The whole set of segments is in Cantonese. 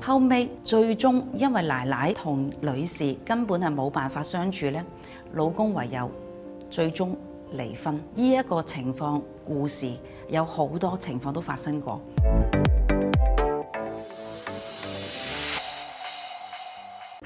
後尾最終因為奶奶同女士根本係冇辦法相處咧，老公唯有最終離婚。呢一個情況故事有好多情況都發生過。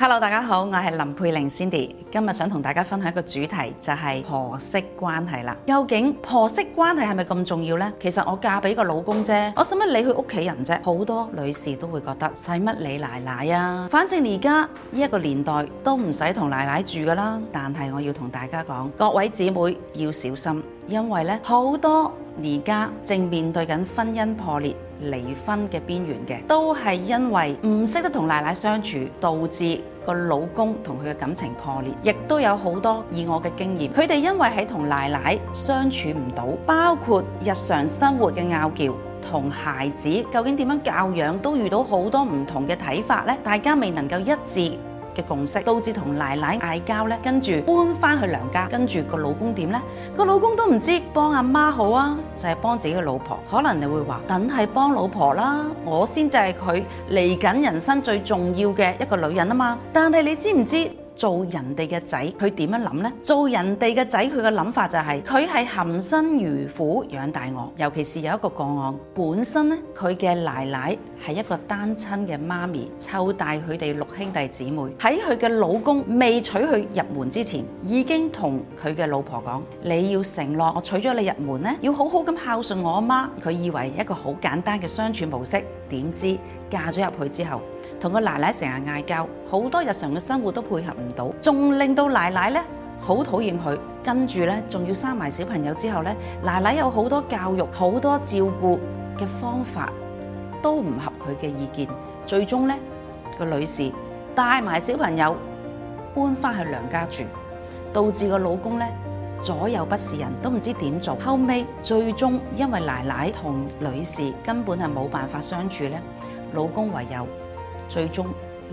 Hello，大家好，我係林佩玲 Cindy，今日想同大家分享一個主題，就係婆媳關係啦。究竟婆媳關係係咪咁重要呢？其實我嫁俾個老公啫，我使乜理佢屋企人啫？好多女士都會覺得使乜理奶奶啊？反正而家呢一個年代都唔使同奶奶住㗎啦。但係我要同大家講，各位姊妹要小心，因為咧好多。而家正面對緊婚姻破裂、離婚嘅邊緣嘅，都係因為唔識得同奶奶相處，導致個老公同佢嘅感情破裂。亦都有好多以我嘅經驗，佢哋因為喺同奶奶相處唔到，包括日常生活嘅拗撬，同孩子究竟點樣教養，都遇到好多唔同嘅睇法咧。大家未能夠一致。共識，都知同奶奶嗌交咧，跟住搬翻去娘家，跟住個老公點呢？個老公都唔知幫阿媽好啊，就係幫自己嘅老婆。可能你會話，梗係幫老婆啦，我先就係佢嚟緊人生最重要嘅一個女人啊嘛。但係你知唔知？做人哋嘅仔，佢點樣諗咧？做人哋嘅仔，佢嘅諗法就係佢係含辛茹苦養大我。尤其是有一個個案，本身咧佢嘅奶奶係一個單親嘅媽咪，湊大佢哋六兄弟姊妹。喺佢嘅老公未娶佢入門之前，已經同佢嘅老婆講，你要承諾我娶咗你入門咧，要好好咁孝順我阿媽。佢以為一個好簡單嘅相處模式，點知嫁咗入去之後。同個奶奶成日嗌交，好多日常嘅生活都配合唔到，仲令到奶奶咧好討厭佢。跟住咧，仲要生埋小朋友之後咧，奶奶有好多教育、好多照顧嘅方法都唔合佢嘅意見。最終咧，個女士帶埋小朋友搬翻去娘家住，導致個老公咧左右不是人，都唔知點做。後尾最終因為奶奶同女士根本係冇辦法相處咧，老公唯有。最終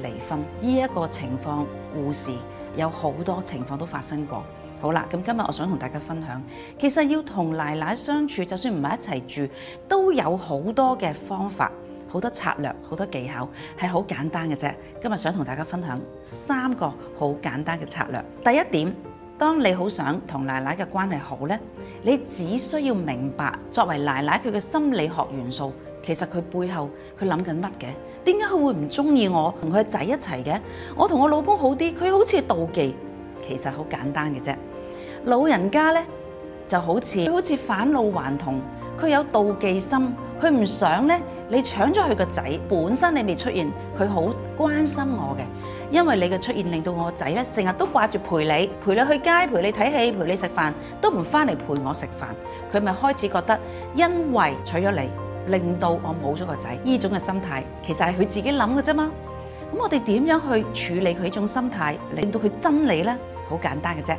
離婚，呢一個情況故事有好多情況都發生過。好啦，咁今日我想同大家分享，其實要同奶奶相處，就算唔係一齊住，都有好多嘅方法、好多策略、好多技巧，係好簡單嘅啫。今日想同大家分享三個好簡單嘅策略。第一點，當你好想同奶奶嘅關係好呢，你只需要明白作為奶奶佢嘅心理學元素。其實佢背後佢諗緊乜嘅？點解佢會唔鍾意我同佢仔一齊嘅？我同我老公好啲，佢好似妒忌。其實好簡單嘅啫，老人家咧就好似好似返老還童，佢有妒忌心，佢唔想咧你搶咗佢個仔。本身你未出現，佢好關心我嘅，因為你嘅出現令到我仔咧成日都掛住陪你，陪你去街，陪你睇戲，陪你食飯，都唔返嚟陪我食飯。佢咪開始覺得因為娶咗你。令到我冇咗個仔，呢種嘅心態其實係佢自己諗嘅啫嘛。咁我哋點樣去處理佢呢種心態，令到佢真理咧？好簡單嘅啫，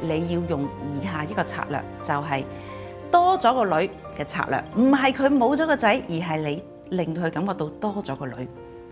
你要用以下呢個策略，就係多咗個女嘅策略，唔係佢冇咗個仔，而係你令到佢感覺到多咗個女。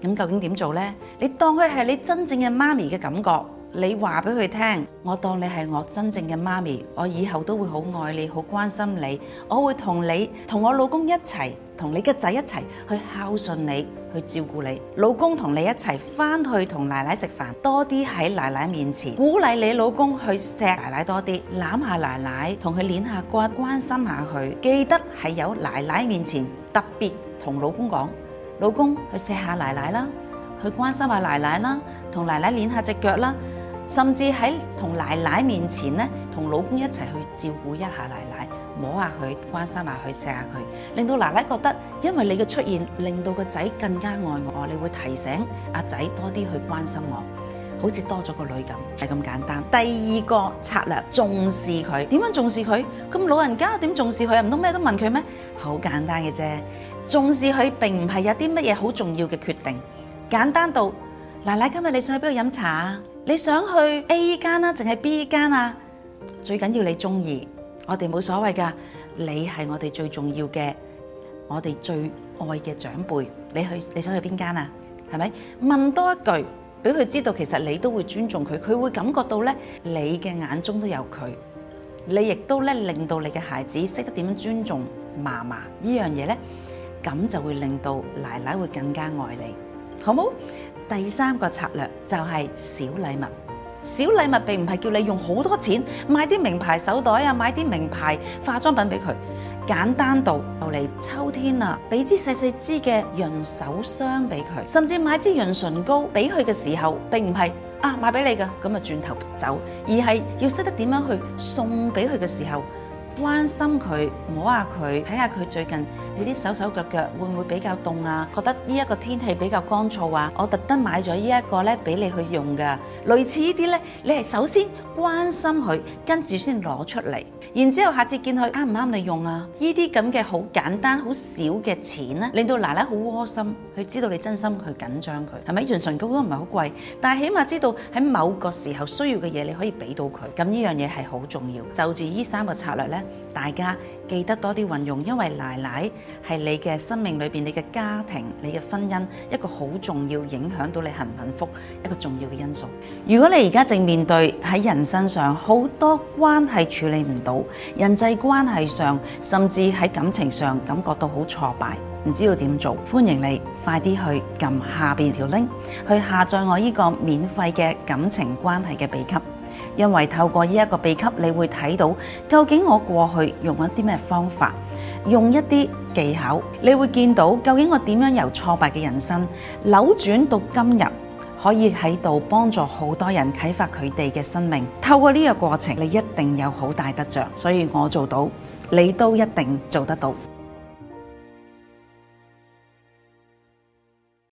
咁究竟點做咧？你當佢係你真正嘅媽咪嘅感覺。你話俾佢聽，我當你係我真正嘅媽咪，我以後都會好愛你，好關心你。我會同你同我老公一齊，同你嘅仔一齊去孝順你，去照顧你。老公同你一齊翻去同奶奶食飯，多啲喺奶奶面前鼓勵你老公去錫奶奶多啲，攬下奶奶，同佢捏下骨，關心下佢。記得喺有奶奶面前，特別同老公講，老公去錫下奶奶啦，去關心下奶奶啦，同奶奶捏下隻腳啦。甚至喺同奶奶面前咧，同老公一齊去照顧一下奶奶，摸下佢，關心下佢，錫下佢，令到奶奶覺得因為你嘅出現，令到個仔更加愛我。你會提醒阿仔多啲去關心我，好似多咗個女咁，係咁簡單。第二個策略，重視佢，點樣重視佢？咁老人家點重視佢啊？唔通咩都問佢咩？好簡單嘅啫，重視佢並唔係有啲乜嘢好重要嘅決定，簡單到奶奶今日你想去邊度飲茶啊？你想去 A 間啊，定係 B 間啊？最緊要你中意，我哋冇所謂噶。你係我哋最重要嘅，我哋最愛嘅長輩。你去，你想去邊間啊？係咪？問多一句，俾佢知道，其實你都會尊重佢，佢會感覺到咧，你嘅眼中都有佢。你亦都咧，令到你嘅孩子識得點樣尊重嫲嫲呢樣嘢咧，咁就會令到奶奶會更加愛你，好冇？第三個策略就係小禮物。小禮物並唔係叫你用好多錢買啲名牌手袋啊，買啲名牌化妝品俾佢。簡單到，又嚟秋天啦，俾支細細支嘅潤手霜俾佢，甚至買支潤唇膏俾佢嘅時候，並唔係啊，買俾你嘅咁咪轉頭走，而係要識得點樣去送俾佢嘅時候。關心佢，摸下佢，睇下佢最近你啲手手腳腳會唔會比較凍啊？覺得呢一個天氣比較乾燥啊？我特登買咗呢一個咧俾你去用噶，類似這些呢啲咧，你係首先關心佢，跟住先攞出嚟，然之後下次見佢，啱唔啱你用啊？呢啲咁嘅好簡單好少嘅錢咧，令到奶奶好窩心，佢知道你真心去緊張佢，係咪？潤唇膏都唔係好貴，但係起碼知道喺某個時候需要嘅嘢，你可以俾到佢，咁呢樣嘢係好重要。就住呢三個策略咧。大家記得多啲運用，因為奶奶係你嘅生命裏邊，你嘅家庭、你嘅婚姻，一個好重要，影響到你幸唔幸福一個重要嘅因素。如果你而家正面對喺人身上好多關係處理唔到，人際關係上甚至喺感情上感覺到好挫敗，唔知道點做，歡迎你快啲去撳下面條 link，去下載我呢個免費嘅感情關係嘅秘笈。因為透過呢個秘笈，你會睇到究竟我過去用一啲咩方法，用一啲技巧，你會見到究竟我點樣由挫敗嘅人生扭轉到今日，可以喺度幫助好多人啟發佢哋嘅生命。透過呢個過程，你一定有好大得着，所以我做到，你都一定做得到。